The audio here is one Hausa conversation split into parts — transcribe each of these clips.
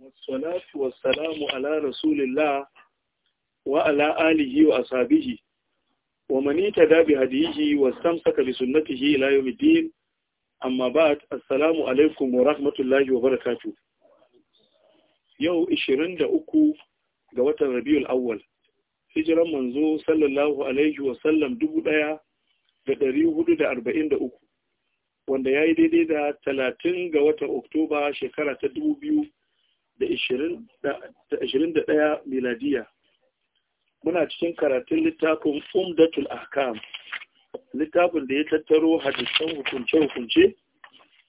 Wassalatu wassalamu ala rasulillah wa ala alihi wa ashabihi wa man ittaba bi wa wastamsaka bi sunnatihi ila yawmiddin amma ba'd assalamu alaikum wa rahmatullahi wa barakatuh yau 23 ga watan Rabiul Awwal hijiran manzo sallallahu alaihi wa sallam 1443 wanda yayi daidai da 30 ga watan Oktoba shekara ta 2000 da 21 miladiya muna cikin karatun littafin umdatul ahkam littafin da ya tattaro hadisan hukunce-hukunce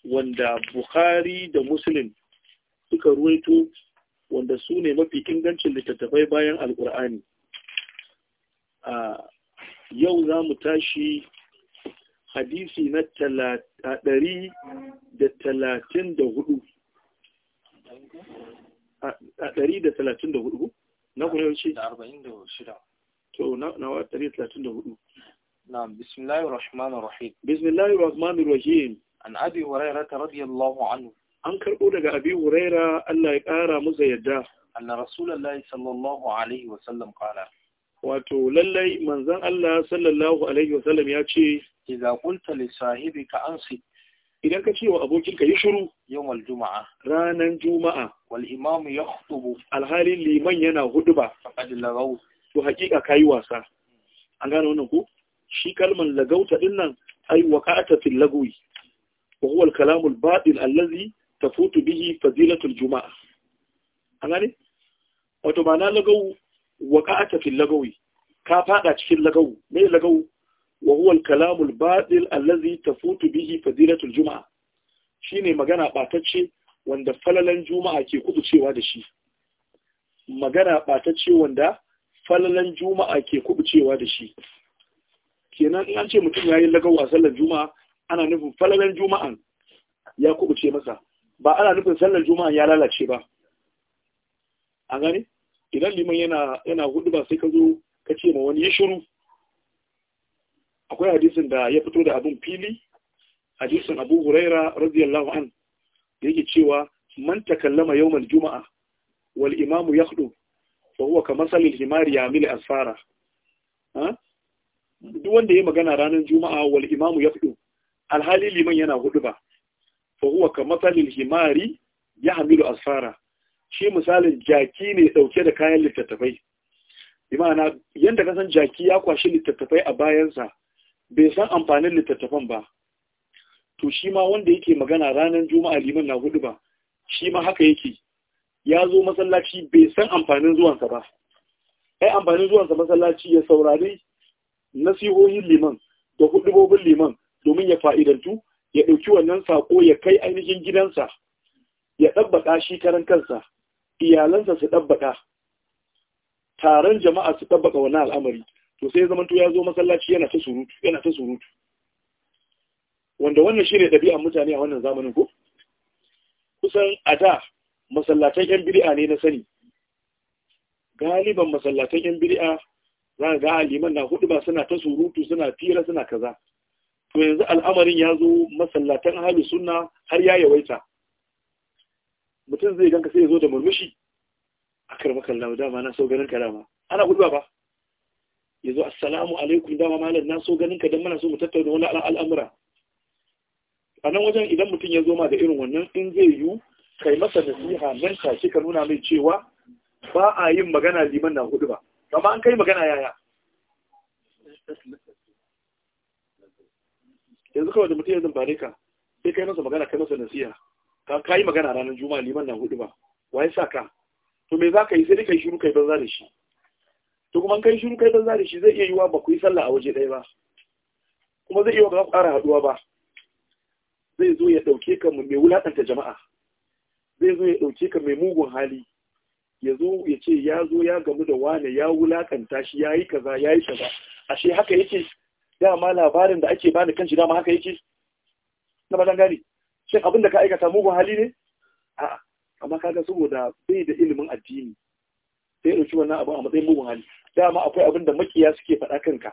wanda bukhari da muslim suka ruwaito wanda su ne mafi ingancin littattafai bayan alkur'ani a yau za mu tashi hadisi na ɗari da talatin da hudu a ɗari da talatin da hudu na kuna yaushe da arba'in da shida to na wa ɗari da talatin da hudu na bismillahir rahmanir rahim bismillahir rahmanir rahim an abi hurairah radiyallahu anhu an karɓo daga abi hurairah Allah ya ƙara masa yadda anna rasulullahi sallallahu alaihi wa sallam qala wato lallai manzon Allah sallallahu alaihi wa sallam ya ce idza qulta li sahibika ansit idan ka ce wa abokinka yi shiru yawmal juma'a ranan juma'a wal imamu yakhutubu alhalin liman yana huduba faqad lagaw to hakika yi wasa an gane wannan ko shi kalman lagauta din nan ai waqa'ata fil lagwi wa huwa al kalam al batil allazi tafutu bihi fadilatu al juma'a an gane wato ma'ana wa waqa'ata fil lagwi ka faɗa cikin lagau me lagau وهو الكلام الباطل الذي al به allazi tafutu bihi مغانا باتتشي shine magana كي wanda falalan juma'a ke kubucewa da da shi kenan in an ce mutum yayi lagawa sallar juma'a ana nufin falalan juma'a ya kubuce masa ba ana nufin sallar juma'a ya lalace ba a gani idan liman yana yana hudu ba sai ka zo ka ce ma wani ya shiru akwai hadisin da ya fito da abun fili hadisin abu huraira radiyallahu an da yake cewa man takallama yawmal juma'a wal imamu yakhdu fa huwa ka masalil ya yamil asfara duk wanda ya magana ranar juma'a wal imamu yakhdu alhali liman yana hudu ba fa huwa ka masalil himari yahmilu asfara shi misalin jaki ne dauke da kayan littattafai imana yanda kasan jaki ya kwashi littattafai a bayansa bai san amfanin littattafan ba to shi ma wanda yake magana ranar juma'a liman na hudu ba shi ma haka yake ya zo masallaci bai san amfanin zuwansa ba ai amfanin zuwansa masallaci ya saurari nasihohin liman da hudubobin liman domin ya fa'idantu ya ɗauki wannan sako ya kai ainihin gidansa ya ɗabbaka shi karan kansa iyalansa su ɗabbaƙa taron jama'a su ɗabbaka wani al'amari to sai to ya zo masallaci yana ta surutu yana ta surutu wanda wannan shine ɗabi'an mutane a wannan zamanin ko kusan a da masallatan yan bid'a ne na sani galiban masallatan yan bid'a za ga liman na hudu ba suna ta surutu suna fira suna kaza to yanzu al'amarin ya zo masallatan ahli sunna har ya yawaita mutum zai ganka sai ya zo da murmushi a karmakan lauda dama na sau ganin karama ana hudu ba yazo assalamu alaikum dama malam na so ganin ka dan muna so mu tattauna wani al'amura a nan wajen idan mutum ya zo ma da irin wannan in zai yi kai masa nasiha nan shi ka nuna mai cewa ba a yin magana liman na hudu ba amma an kai magana yaya yanzu kawai da mutum ya zambare ka sai kai masa magana kai masa nasiha ka kai magana ranar juma'a liman na hudu ba waye sa ka to me za ka yi sai dai kai shiru kai banza da shi to kuma kai shiru kai dan zari shi zai iya yiwa ba ku yi sallah a waje ɗaya ba kuma zai iya ba ku ƙara haɗuwa ba zai zo ya ɗauke ka mai wulaƙanta jama'a zai zo ya ɗauke ka mai mugun hali ya zo ya ce ya zo ya gamu da wane ya wulaƙanta shi ya yi kaza ya yi kaza ashe haka yake dama labarin da ake bani kan shi dama haka yake na ba gane shin abin da ka aikata mugun hali ne a'a amma kaga saboda bai da ilimin addini sai ɗauki wannan abu a matsayin mugun hali dama akwai abin da makiya suke faɗa kanka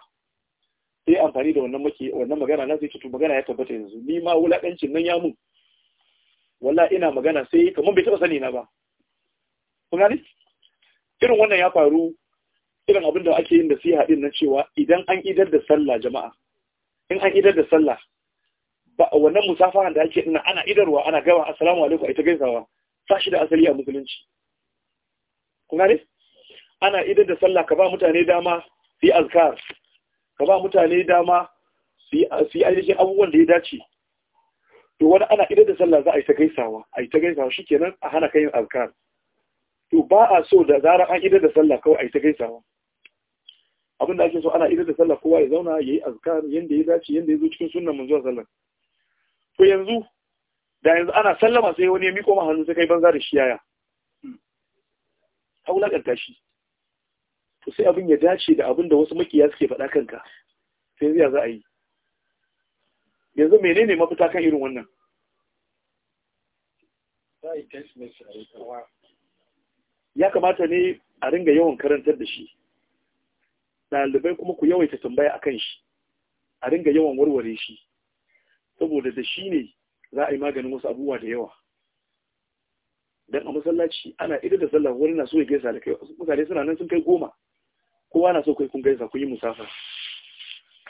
sai amfani da wannan maki wannan magana na sai to magana ya tabbata yanzu ni ma wulaƙancin nan ya mun walla ina magana sai kamar bai taɓa sani na ba kun gani irin wannan ya faru irin abin da ake yin da siya haɗin nan cewa idan an idar da sallah jama'a in an idar da sallah ba wannan musafahan da ake ina ana idarwa ana gawa assalamu alaikum ita gaisawa sashi da asali a musulunci kun ne? ana idan da sallah ka ba mutane dama su yi azkar ka ba mutane dama su yi ainihin abubuwan da ya dace to wani ana idan da sallah za a yi ta gaisawa a yi ta gaisawa shi kenan a hana kayan azkar to ba a so da zarar an idan da sallah kawai a yi ta gaisawa abin da ake so ana idan da sallah kowa ya zauna ya yi azkar yadda ya dace yadda ya zo cikin sunan mun zuwa sallah to yanzu da yanzu ana sallama sai wani ya miko ma hannu sai kai banza da shi yaya na ƙarƙashi. to sai abin ya dace da abin da wasu makiya suke faɗa kanka sai zai za a yi yanzu menene mafita kan irin wannan ya kamata ne a ringa yawan karantar da shi ɗalibai kuma ku yawaita tambaya akan shi a ringa yawan warware shi saboda da shi ne za a yi maganin wasu abubuwa da yawa don a masallaci ana idan da sallah wani na so ya gaisa da kai mutane suna nan sun kai goma kowa na so kai kun gaisa kun yi musafa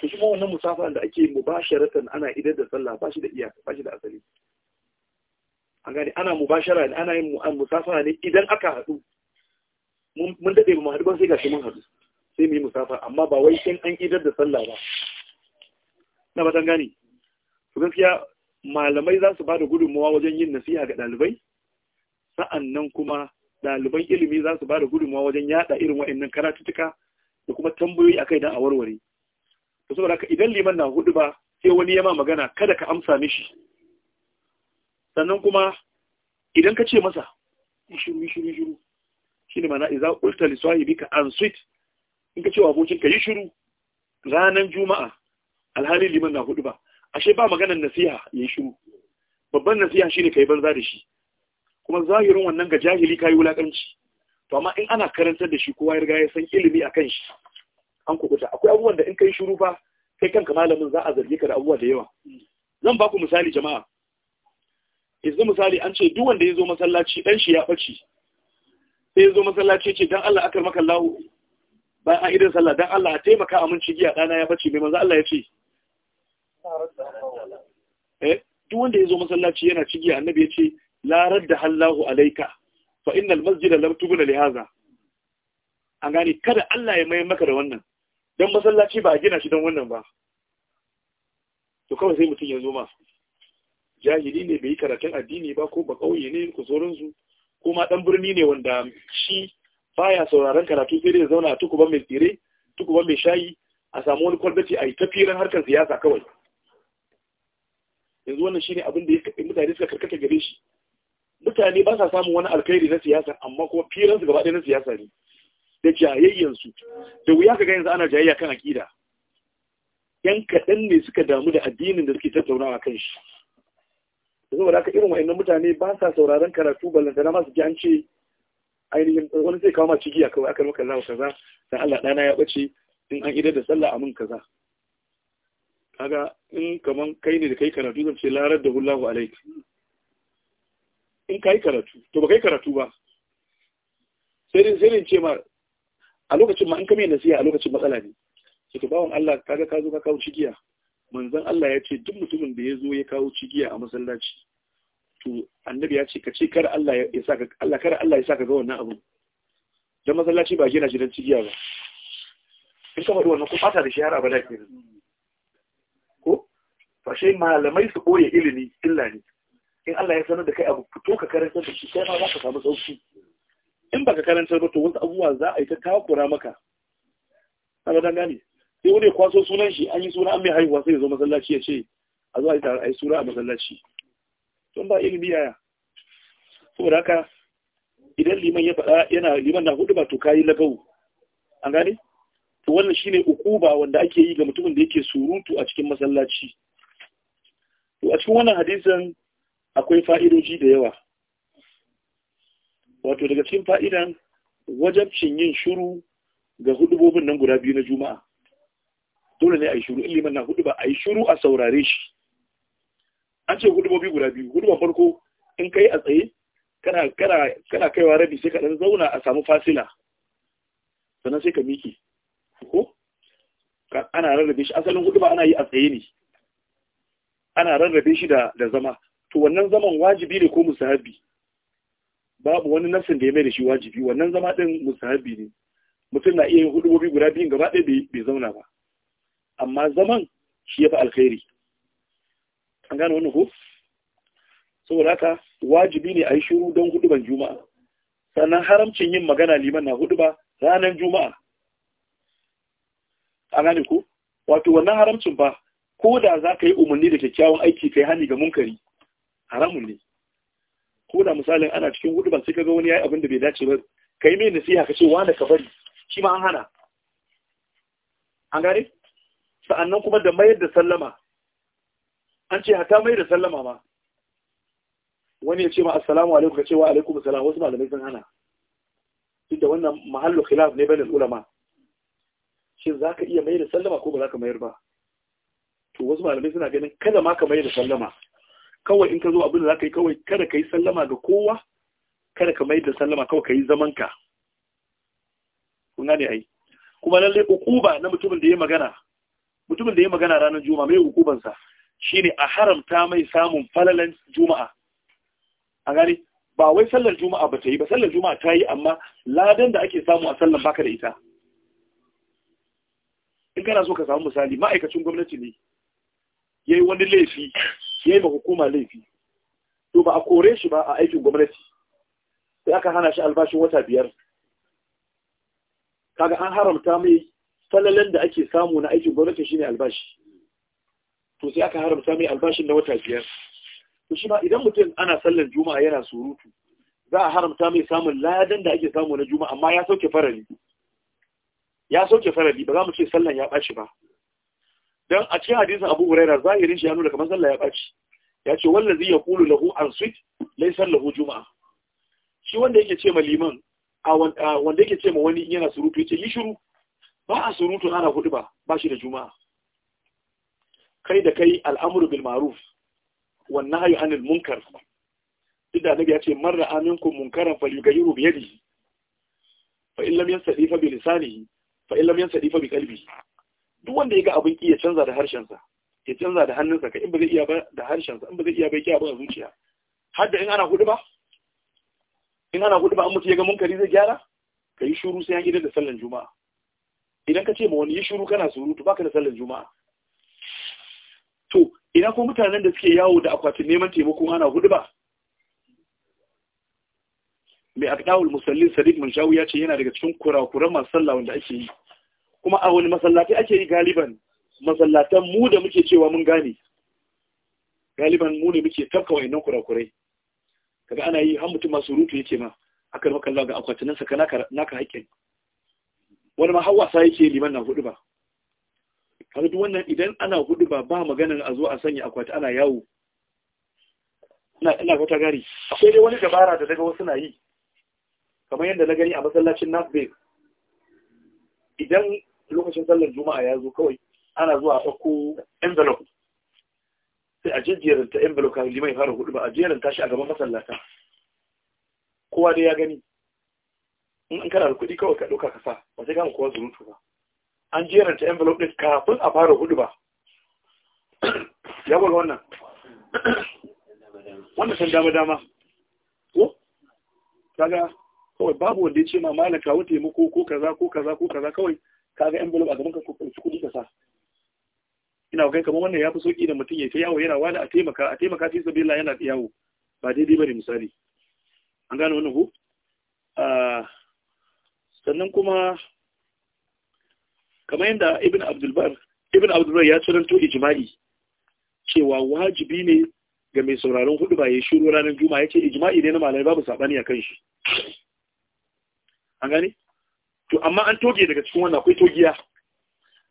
to shi wannan musafa da ake mubasharatan ana idar da sallah ba shi da iyaka ba shi da asali an gane ana mubashara ne ana yin musafa ne idan aka haɗu mun daɗe mu haɗu ba sai gashi mun haɗu sai mu yi musafa amma ba wai sai an idar da sallah ba na ba gane to gaskiya malamai za su ba da gudunmawa wajen yin nasiha ga ɗalibai sa'annan kuma ɗaliban ilimi za su ba da gudunmawa wajen yada irin waɗannan karatuttuka da kuma tambayoyi a kai na a warware to saboda haka idan liman na hudu ba sai wani ya ma magana kada ka amsa mishi sannan kuma idan ka ce masa shiru shiru shiru Shi ne mana Ulta qulta bika An-Sweet. in ka ce wa abokin ka yi shiru ranar juma'a alhali liman na hudu ba ashe ba maganar nasiha yayi shiru babban nasiha ka yi banza da shi kuma zahirin wannan ga jahili ka yi wulakanci to amma in ana karantar da shi kowa ya riga ya san ilimi akan shi an kubuta akwai abubuwan da in kai shiru fa kai kanka malamin za a zarge ka da abubuwa da yawa zan ba ku misali jama'a yanzu misali an ce duk wanda ya zo masallaci dan shi ya ɓaci sai ya zo masallaci ce dan Allah akar maka Lahu, bayan an idan sallah dan Allah a taimaka a mun cigiya dana ya ɓaci mai manzo Allah ya ce eh duk wanda ya zo masallaci yana cigiya annabi ya ce la radda Hallahu alayka fa innal masjida lam tubna li hadha an gani kada Allah ya mai maka da wannan dan masallaci ba a gina shi dan wannan ba to kawai sai mutum ya zo ma jahili ne bai yi karatun addini ba ko ba kauye ne ku zoran su ko ma dan birni ne wanda shi baya sauraron karatu sai dai zauna a tukuba mai tsire tukuba mai shayi a samu wani kwalbati a yi tafiran harkar siyasa kawai yanzu wannan shine abin da mutane suka karkata gare shi mutane ba sa samun wani alkhairi na siyasa amma kuma firansu gaba ɗaya na siyasa ne da jayayyansu da wuya ka ga yanzu ana jayayya kan aƙida yan kaɗan ne suka damu da addinin da suke tattaunawa kan shi yanzu ba ka irin wa'annan mutane ba sa sauraron karatu ballanta na masu ji an ce ainihin wani zai kawo ma cigiya kawai aka maka zawo kaza dan Allah ɗana ya ɓace in an idar da sallah a mun kaza kaga in kaman kai ne da kai karatu zan ce larar da hullahu alaiki. in ka yi karatu to ba ka yi karatu ba sai dai sai ce ma a lokacin ma in ka mai nasiha a lokacin matsala ne sai to bawon Allah kaga ka zo ka kawo cigiya manzon Allah ya ce duk mutumin da ya zo ya kawo cigiya a masallaci to annabi ya ce ka ce kar Allah ya saka Allah kar Allah ya saka ga wannan abu dan masallaci ba gina gidan cigiya ba in ka faɗi wannan ko fata da shi har abada ke ko fashe malamai su koye ilimi illa ne in Allah ya sanar da kai abu fito ka karantar da shi sai ma za ka samu sauki in baka karantar ba to wasu abubuwa za a yi ta takura maka kaga ga gane sai wani kwaso sunan shi an yi suna an mai haihuwa sai ya zo masallaci ya ce a zo a yi tare a yi sura a masallaci tun ba ilimi yaya saboda haka idan liman ya faɗa yana liman na hudu ba to kayi lagawu an gane to wannan shine ukuba wanda ake yi ga mutumin da yake surutu a cikin masallaci to a cikin wannan hadisin akwai fa'idoji da yawa wato daga cikin fa'idan wajabcin yin shuru ga hudubobin nan guda biyu na juma'a dole ne a yi shuru ilimin na hudu ba a yi shuru a saurare shi an ce hudubobi guda biyu hudubar farko in kai a tsaye kana kaiwa rabi sai ka ɗan zauna a samu fasila sannan sai ka miki ko ana rarrabe shi asalin hudu ba ana yi a tsaye ne ana rarrabe shi da zama to wannan zaman wajibi ne ko musahabi babu wani nafsin da ya mai da shi wajibi wannan zama din musahabi ne mutum na iya yin hudubobi guda biyun gaba ɗaya bai zauna ba amma zaman shi ya fi alkhairi an gane wannan ko saboda haka wajibi ne a yi shiru don huduban juma'a sannan haramcin yin magana liman na huduba ranar juma'a an gane ku wato wannan haramcin ba ko da za ka yi umarni da kyakkyawan aiki kai hani ga munkari haramun ne ko da misalin ana cikin huduban sai kaga wani yayi abin da bai dace ba kai mai nasiha kace wani ka bari shi ma an hana an gane sa'annan kuma da mayar da sallama an ce hata mayar da sallama ma wani ya ce ma assalamu alaikum ka wa alaikum assalam wasu malamai sun hana duk da wannan mahallu khilaf ne bainal ulama shin zaka iya mayar da sallama ko ba za ka mayar ba to wasu malamai suna ganin kada ma ka mayar da sallama kawai in ka zo abin da za ka yi kawai kada ka yi sallama ga kowa kada ka mai da sallama kawai ka yi zamanka kun gane ai kuma lallai ukuba na mutumin da ya magana mutumin da ya magana ranar juma'a mai hukubansa shine a haramta mai samun falalan juma'a a gane ba wai sallar juma'a ba ta yi ba sallar juma'a ta yi amma ladan da ake samu a sallar baka da ita in kana so ka samu misali ma'aikacin gwamnati ne yayi wani laifi ya yi ma hukuma laifi to ba a kore shi ba a aikin gwamnati sai aka hana shi albashin wata biyar kaga an haramta mai falalen da ake samu na aikin gwamnati shine albashi to sai aka haramta mai albashin na wata biyar to shi ba idan mutum ana sallar juma'a yana surutu za a haramta mai samun ladan da ake samu na juma'a amma ya sauke farari ya sauke farari ba za mu ce sallan ya ɓaci ba dan a cikin hadisin Abu Huraira zahirin shi ya nuna kamar sallah ya baci ya ce wallazi yaqulu lahu answit laysa lahu juma'a shi wanda yake ce ma liman wanda yake ce ma wani yana surutu yace yi shiru ba a surutu ana hudu ba ba shi da juma'a kai da kai al'amru bil ma'ruf wan nahyu anil munkar duk da annabi ya ce man ra'a minkum munkaran falyughayyiru bi yadihi fa in lam yastati bi lisanihi fa in lam yastati bi qalbihi duk wanda ya ga abin ki ya canza da harshensa ya canza da hannunsa ka in ba zai iya ba da harshensa in ba zai iya ba ya ba zuciya har da in ana hudu ba in ana hudu ba an mutu ya ga munkari zai gyara ka yi shuru sai an idan da sallan juma'a idan ka ce ma wani yi shuru kana surutu baka da sallan juma'a to ina ko mutanen da suke yawo da akwatin neman taimako ana hudu ba mai akdawul musallin sadiq munshawi ya ce yana daga cikin kurakuran masu sallah wanda ake yi kuma a wani masallatai ake yi galiban masallatan mu da muke cewa mun gane galiban mu ne muke tafka wayannan kurakurai kaga ana yi har mutum masu rutu yake ma akan maka Allah ga akwatinan sa kana naka haƙƙin wani ma hawa sai yake liman na hudu ba kaga duk wannan idan ana hudu ba ba maganan a zo a sanya akwati ana yawo ina ina fata gari akwai dai wani dabara da daga wasu na yi kamar yadda na gani a masallacin Nasbe idan lokacin sallar juma'a ya zo kawai ana zuwa a ɗauko envelope sai a jejjerin envelope kan limai fara hudu ba a jerin shi a gaban masallata kowa dai ya gani in kana da kuɗi kawai ka ɗauka ka sa ba sai kama kowa zurutu ba an jerin envelope ɗin kafin a fara hudu ba ya gwal wannan wannan san dama dama ko kaga kawai babu wanda ya ce ma malaka wata taimako ko kaza ko kaza ko kaza kawai kaga envelope a gaban ka ɗauki kuɗi ka sa ina ga kamar wannan ya fi sauƙi da mutum ya ta yawo yana wani a taimaka a taimaka fi sabila yana yawo ba daidai ba ne misali an gane wannan ku ah, sannan kuma kamar yadda ibn abdulbar ibn abdulbar ya ciranto ijma'i cewa wajibi ne ga mai sauraron hudu ba ya shiru ranar juma'a ya ce ijma'i ne na malamai babu saɓani a kan shi an gane to amma an toge daga cikin wannan akwai togiya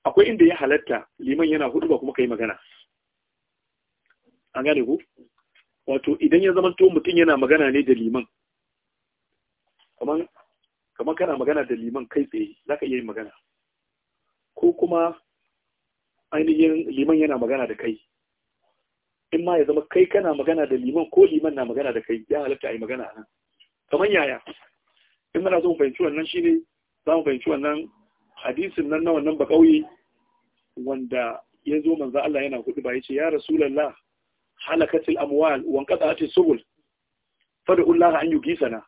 akwai inda ya halatta liman yana hudu ba kuma kai magana an gane ku wato idan ya zama to mutum yana magana ne da liman kamar kana magana da liman kai tsaye za ka iya yin magana ko kuma ainihin liman yana magana da kai in ma ya zama kai kana magana da liman ko liman na magana da kai ya halatta a yi magana a nan kamar yaya in mana zo fahimci wannan shi ne za mu fahimci wannan hadisin nan na wannan bakauye wanda ya zo manzo Allah yana kudu ba yace ya rasulullah halakatil amwal wa qata'atis subul fad'ullah an yugisana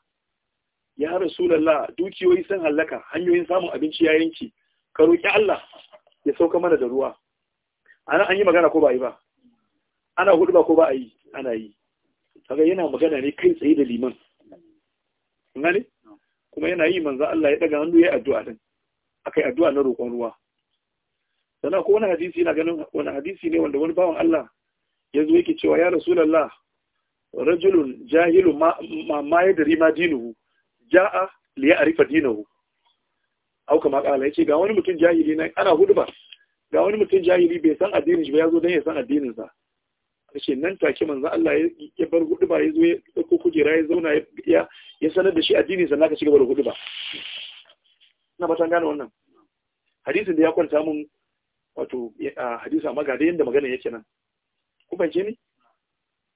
ya rasulullah dukiyoyi sun halaka hanyoyin samun abinci ya yanki ka roki Allah ya sauka mana da ruwa ana an yi magana ko ba yi ba ana hudu ba ko ba yi ana yi kaga yana magana ne kai tsaye da liman ngani kuma yana yi manzo Allah ya daga hannu ya addu'a din akai addu'a na roƙon ruwa sannan ko wani hadisi na ganin wani hadisi ne wanda wani bawan Allah ya zo yake cewa ya rasulullah rajulun jahilun ma ma yadri ma dinuhu ja'a li ya'rifa dinuhu au kama kala yace ga wani mutum jahili ne, ana hudba ga wani mutum jahili bai san addinin shi ba ya zo dan ya san addinin sa ake nan take manzo Allah ya bar huduba ya zo ya dauko kujera ya zauna ya ya sanar da shi addini sannan ka cigaba da ba? ina ba gane wannan hadisin da ya kwanta mun wato hadisa magada yanda magana yake nan ku bance ni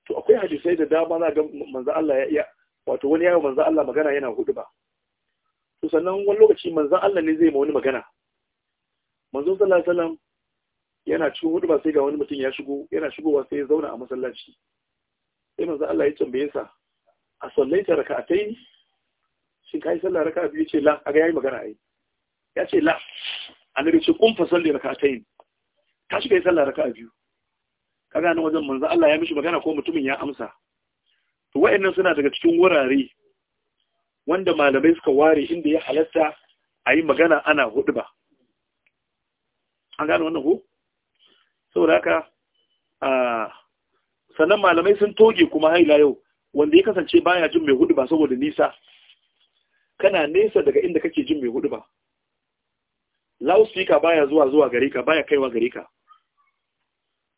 to akwai hadisai da dama za ga manzo Allah ya wato wani yawo manzo Allah magana yana ba? to sannan wani lokaci manzo Allah ne zai ma wani magana manzo sallallahu alaihi wasallam yana cikin hudu ba sai ga wani mutum ya shigo yana shigowa sai ya zauna a masallaci sai manzo Allah ya tambaye sa a sallaita raka'atai shin kai sallah raka'a biyu ce la a ga yayi magana ai ya ce la annabi ce kun fa salli raka'atai ka shiga sallah raka'a biyu kaga nan wajen manzo Allah ya mishi magana ko mutumin ya amsa to wayannan suna daga cikin wurare wanda malamai suka ware inda ya halatta a yi magana ana hudu ba an gane wannan ko saboda haka sannan malamai sun toge kuma haila yau wanda ya kasance baya jin mai hudu ba saboda nisa kana nesa daga inda kake jin mai hudu ba loudspeaker baya zuwa zuwa gare ka baya kaiwa gare ka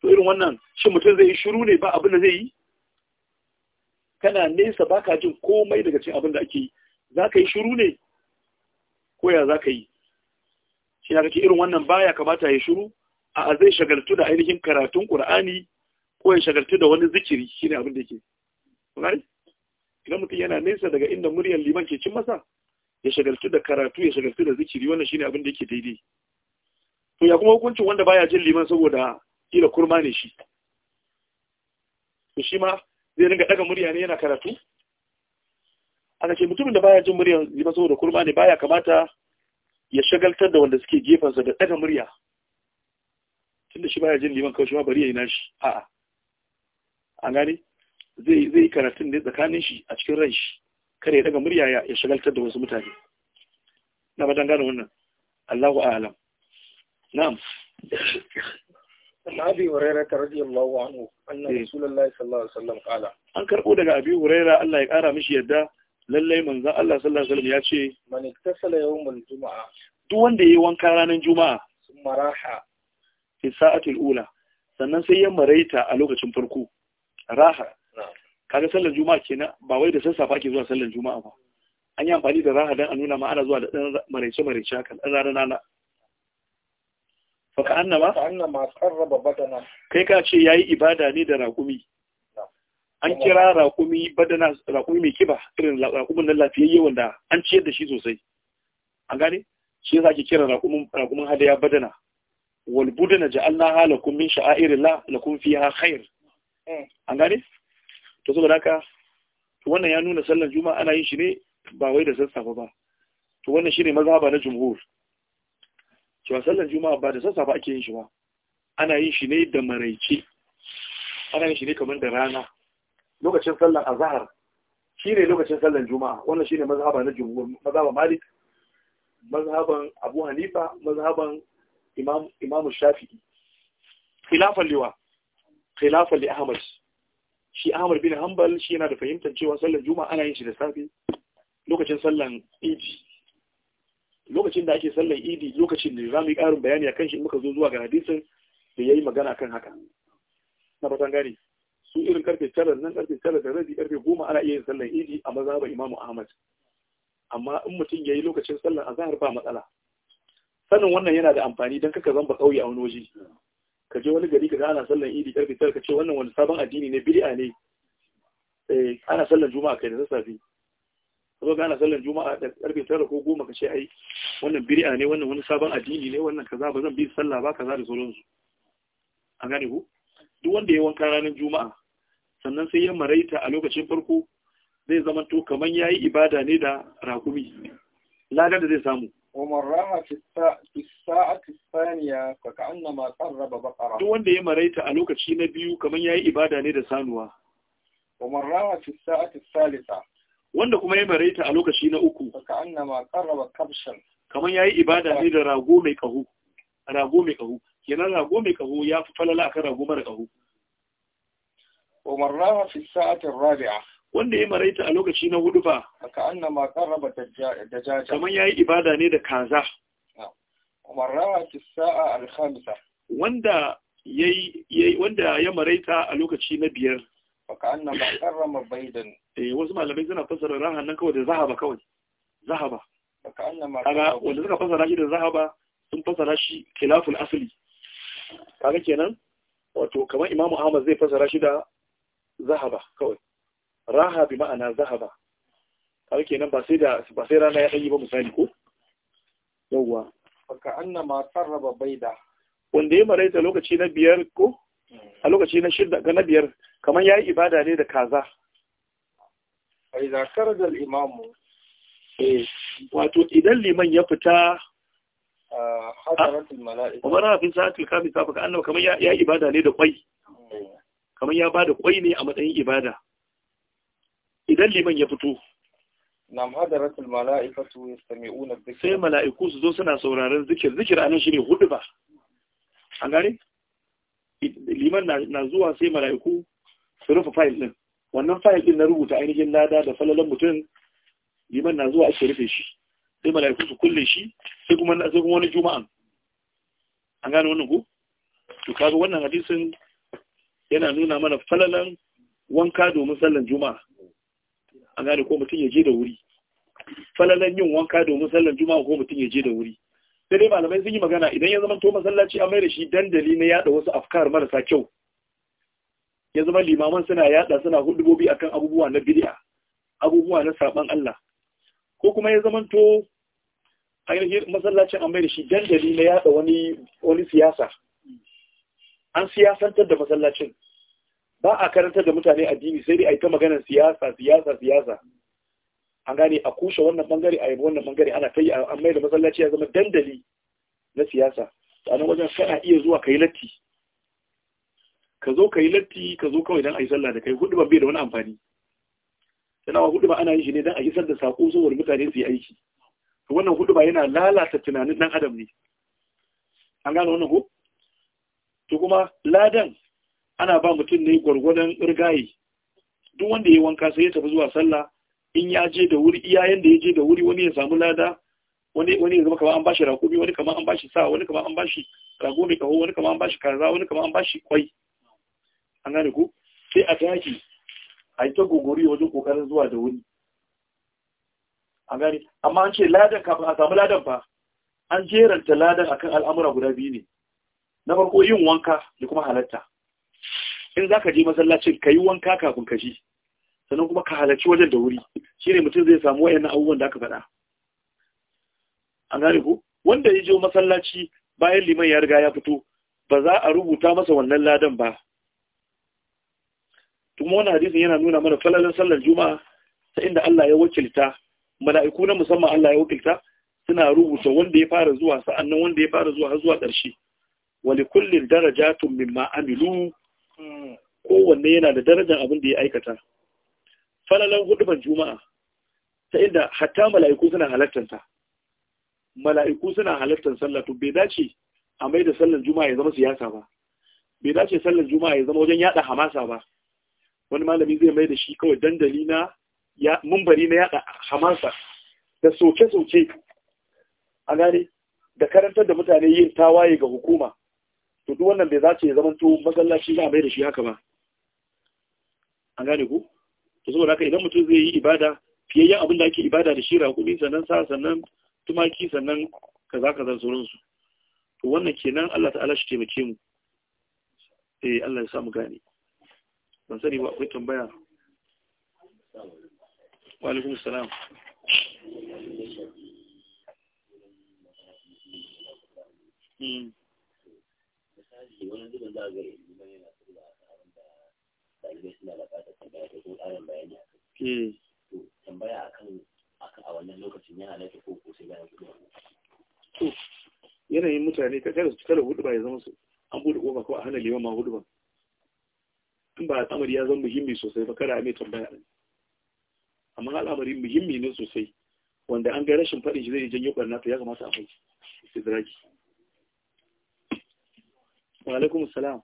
to irin wannan shi mutum zai yi shiru ne ba abin da zai yi kana nesa baka jin komai daga cin abin da ake yi za ka yi shiru ne ko ya za ka yi shi na kake irin wannan baya kamata ya yi shiru a zai shagaltu da ainihin karatun ƙur'ani ko ya shagaltu da wani zikiri ne abin da yake gani idan mutum yana nesa daga inda muryar liman ke cin masa ya shagaltu da karatu ya shagaltu da zikiri wannan ne abin da yake daidai to ya kuma hukuncin wanda baya jin liman saboda kila kurma ne shi to shi ma zai ringa daga murya ne yana karatu A ce mutumin da baya jin muryar liman saboda kurma ne baya kamata ya shagaltar da wanda suke gefansa da daga murya tunda shi baya jin liman kawai shi ma bari ya yi nashi a'a an gane zai yi karatun ne tsakanin shi a cikin ran shi kare ya daga murya ya shagaltar da wasu mutane na madan gane wannan Allahu a'lam na'am Abi Huraira radiyallahu anhu anna eh. Rasulullahi sallallahu alaihi wasallam kala an karbo daga Abi Huraira Allah ya kara mishi yadda lallai manzon Allah sallallahu alaihi wasallam ya ce man iktasala yawmul juma'a. duk wanda yayi wanka ranar juma'a summa raha fi sa'atul ula sannan sai ya maraita a lokacin farko raha kaga sallar juma'a kenan ba wai da sassafa ke zuwa sallar juma'a ba an yi amfani da raha dan a nuna ma ana zuwa da dan maraice maraice haka dan rana nana fa ka annama fa annama qarraba badana kai ka ce yayi ibada ne da raqumi an kira raqumi badana raqumi mai kiba irin raqumin nan lafiyayye wanda an ciyar da shi sosai an gane shi yasa ake kira raƙumin raqumin hadaya badana wal budana ja'alna halakum min sha'airillah lakum fiha khair eh. an gane to saboda haka wannan ya nuna sallar juma'a ana yin shi ne ba wai da sassafe ba to wannan shi shine mazhaba na jumhur cewa sallar juma'a ba da sassafe ake yin shi ba ana yin shi ne da maraice ana yin shi ne kamar da rana lokacin sallar azhar ne lokacin sallar juma'a wannan shi shine mazhaba na jumhur mazhaba malik mazhaban abu hanifa mazhaban imam imam shafi'i khilafan liwa khilafan li ahmad shi ahmad bin hanbal shi yana da fahimtar cewa sallar juma'a ana yin shi da safe lokacin sallan idi lokacin da ake sallan idi lokacin da za mu yi ƙarin bayani akan shi muka zo zuwa ga hadisin da magana kan haka na fatan su irin karfe tara nan karfe tara da rabi karfe goma ana iya yin sallan idi a mazhaban imamu ahmad amma in mutum ya yi lokacin sallan azahar ba matsala sanin wannan yana da amfani don kaka zamba kauye a wani waje ka je wani gari ka ga ana sallan idi karfe tara ka ce wannan wani sabon addini ne bid'a ne eh ana sallan juma'a kai da sassafe ko ga ana sallan juma'a da karfe tara ko goma ka ce ai wannan bid'a ne wannan wani sabon addini ne wannan kaza ba zan bi sallah ba kaza da su an gane ku duk wanda ya wanka ranar juma'a sannan sai ya maraita a lokacin farko zai zama to kaman yayi ibada ne da rakumi ladan da zai samu ومن راها في الساعة الثانية فكأنما قرب بقرة duk wanda ya maraita a lokaci na biyu kamar yi ibada ne da sanuwa ومن راها في الساعة wanda kuma ya maraita a lokaci na uku فكأنما قرب كبشا ibada ne da rago mai kaho rago mai kenan rago mai kaho ya fi falala kan rago mara kaho ومن راها في الساعة الرابعة wanda ya maraita a lokaci na hudu fa kaman ya yi ibada ne da kaza wanda wanda ya maraita a lokaci na biyar eh, wasu malamai suna fasara rahan nan kawai da zahaba kawai zahaba kaga wanda suka fasara shi da zahaba sun fasara shi khilaful asli kaga kenan wato kamar imamu ahmad zai fasara shi da zahaba kawai raha bi ma'ana zahaba Har kenan ba sai da ba sai rana ya yi ba misali ko yawwa faka anna ma qarraba baida wanda ya maraita lokaci na biyar ko a lokaci na shida ga na biyar kamar yayi ibada ne da kaza fa idza kharaja imamu eh wato idan liman ya fita hadaratul mala'ika wa tilka sa'atul kamisa baka annahu kamar ya ibada ne da kwai eh. kamar ya bada kwai ne a matsayin ibada idan liman ya fito nam hadaratul mala'ikatu yastami'una dhikra sai mala'iku su zo suna sauraron zikir zikir anan shine hudu ba an gane liman na zuwa sai mala'iku su rufe fayil din wannan fayil din na rubuta ainihin lada da falalan mutum liman na zuwa ake rufe shi sai mala'iku su kulle shi sai kuma sai kuma wani juma'an an gane wannan ko to kaga wannan hadisin yana nuna mana falalan wanka domin sallan juma'a a gane ko mutum ya je da wuri falalan yin wanka domin sallar juma'a ko mutum ya je da wuri sai dai malamai sun yi magana idan ya zama to masallaci mai da shi dandali na yada wasu afkar marasa kyau ya zama limaman suna yada suna gobi akan abubuwa na bid'a abubuwa na saban Allah ko kuma ya zama to ainihin masallacin mai da shi dandali na yada wani wani siyasa an siyasantar da masallacin ba a karanta da mutane addini sai dai a yi ta maganar siyasa siyasa siyasa an gane a kushe wannan bangare a yabi wannan bangare ana ta yi an mai da masallaci ya zama dandali na siyasa a nan wajen kana iya zuwa ka yi latti ka zo ka yi latti ka zo kawai don a yi sallah da kai hudu ban bai da wani amfani wa hudu ba ana yin shi ne don a isar da sako saboda mutane su yi aiki To wannan hudu ba yana lalata tunanin dan adam ne an gane wannan ko to kuma ladan ana ba mutum ne gwargwadon irgayi duk wanda ya wanka sai ya tafi zuwa sallah in ya je da wuri iyayen da ya je da wuri wani ya samu lada wani wani ya zama kamar an bashi rakumi wani kamar an bashi sa wani kamar an bashi rago mai kaho wani kamar an bashi kaza wani kamar an bashi kwai an gane ku sai a tashi a yi ta gogori wajen kokarin zuwa da wuri an gane amma an ce ladan kafin a samu ladan fa an jeranta ladan akan al'amura guda biyu ne na farko yin wanka da kuma halatta in za ka je masallacin ka yi wanka kafin ka ji, sannan kuma ka halarci wajen da wuri shi ne mutum zai samu wayannan abubuwan da aka faɗa an gane ko wanda ya je masallaci bayan liman ya riga ya fito ba za a rubuta masa wannan ladan ba tun wani hadisin yana nuna mana falalan sallar juma'a ta inda Allah ya wakilta mala'iku na musamman Allah ya wakilta suna rubuta wanda ya fara zuwa sa'annan wanda ya fara zuwa har zuwa ƙarshe wa kullin darajatun mimma amilu kowanne yana da darajar abin da ya aikata falalan hudubar juma'a ta inda hatta mala'iku suna halartanta mala'iku suna halartar sallah to bai dace a mai da sallar juma'a ya zama siyasa ba bai dace sallar juma'a ya zama wajen yada hamasa ba wani malami zai mai da shi kawai dandali na ya mumbari na yada hamasa da soke-soke a gane da karantar da mutane yin tawaye ga hukuma to duk wannan bai zace ya zamanto masallaci za a mai da shi haka ba an gane ku to saboda haka idan mutum zai yi ibada fiyayyen abin da ake ibada da shi raƙumi sannan sa sannan tumaki sannan kaza kaza sauransu to wannan kenan Allah ta'ala shi taimake mu eh Allah ya sa mu gane ban sani ba akwai tambaya wa alaikum salam Mm. wani zubin za a ga yanzu ba yana turba a abin da ɗalibai suna buƙatar tambaya ta ko ƙarin bayani a kai. Hmm. To tambaya a kan a wannan lokacin yana lafi ko ko sai bayan kuɗi. To yanayin mutane ka kada su cika da hudu ba ya zama su an buɗe ƙofa ko a hana neman ma hudu ba. In ba al'amari ya zama muhimmi sosai ba kada a mai tambaya ɗin. Amma al'amari muhimmi ne sosai wanda an ga rashin faɗin shi zai janyo ɓarna to ya kamata a mai istidraki. wa alaikum salam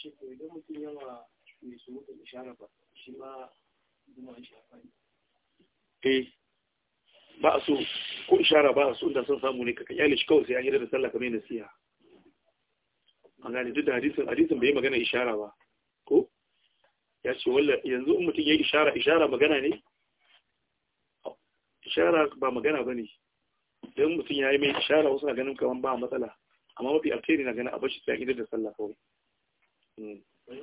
shi ko idan mutum yawa mai su ishara ba shi ma zuma shafa ne eh ba a so ko ishara ba a so da son samu ne ka kayale shi kawai sai an yi da sallah kamar siya. an gane duk da hadisin hadisin bai magana ishara ba ko ya ce walla yanzu in mutum ya ishara ishara magana ne ishara ba magana ba ne don mutum ya yi mai ishara wasu na ganin kamar ba matsala amma mafi alkhairi na gani a bashi sai idar da sallah kawai hmm. eh.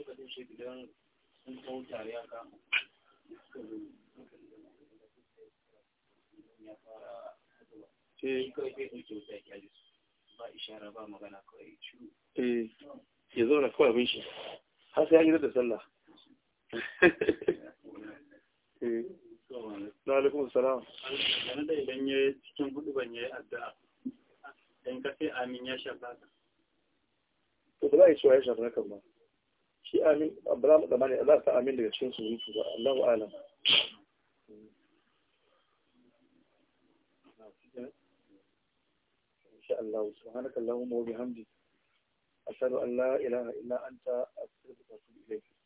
Eh. ya zo na kawai abin shi har sai ya gida da sallah na eh. alaikun salam da idan ya cikin hudu ban ya yi addu'a in ka amin ya shafa ba za a yi cewa ya shafa na kama shi amin ba za mu za a amin daga cikin su zuci ba Allahu alam wa ashhadu an la ilaha illa anta astaghfiruka wa atubu ilayk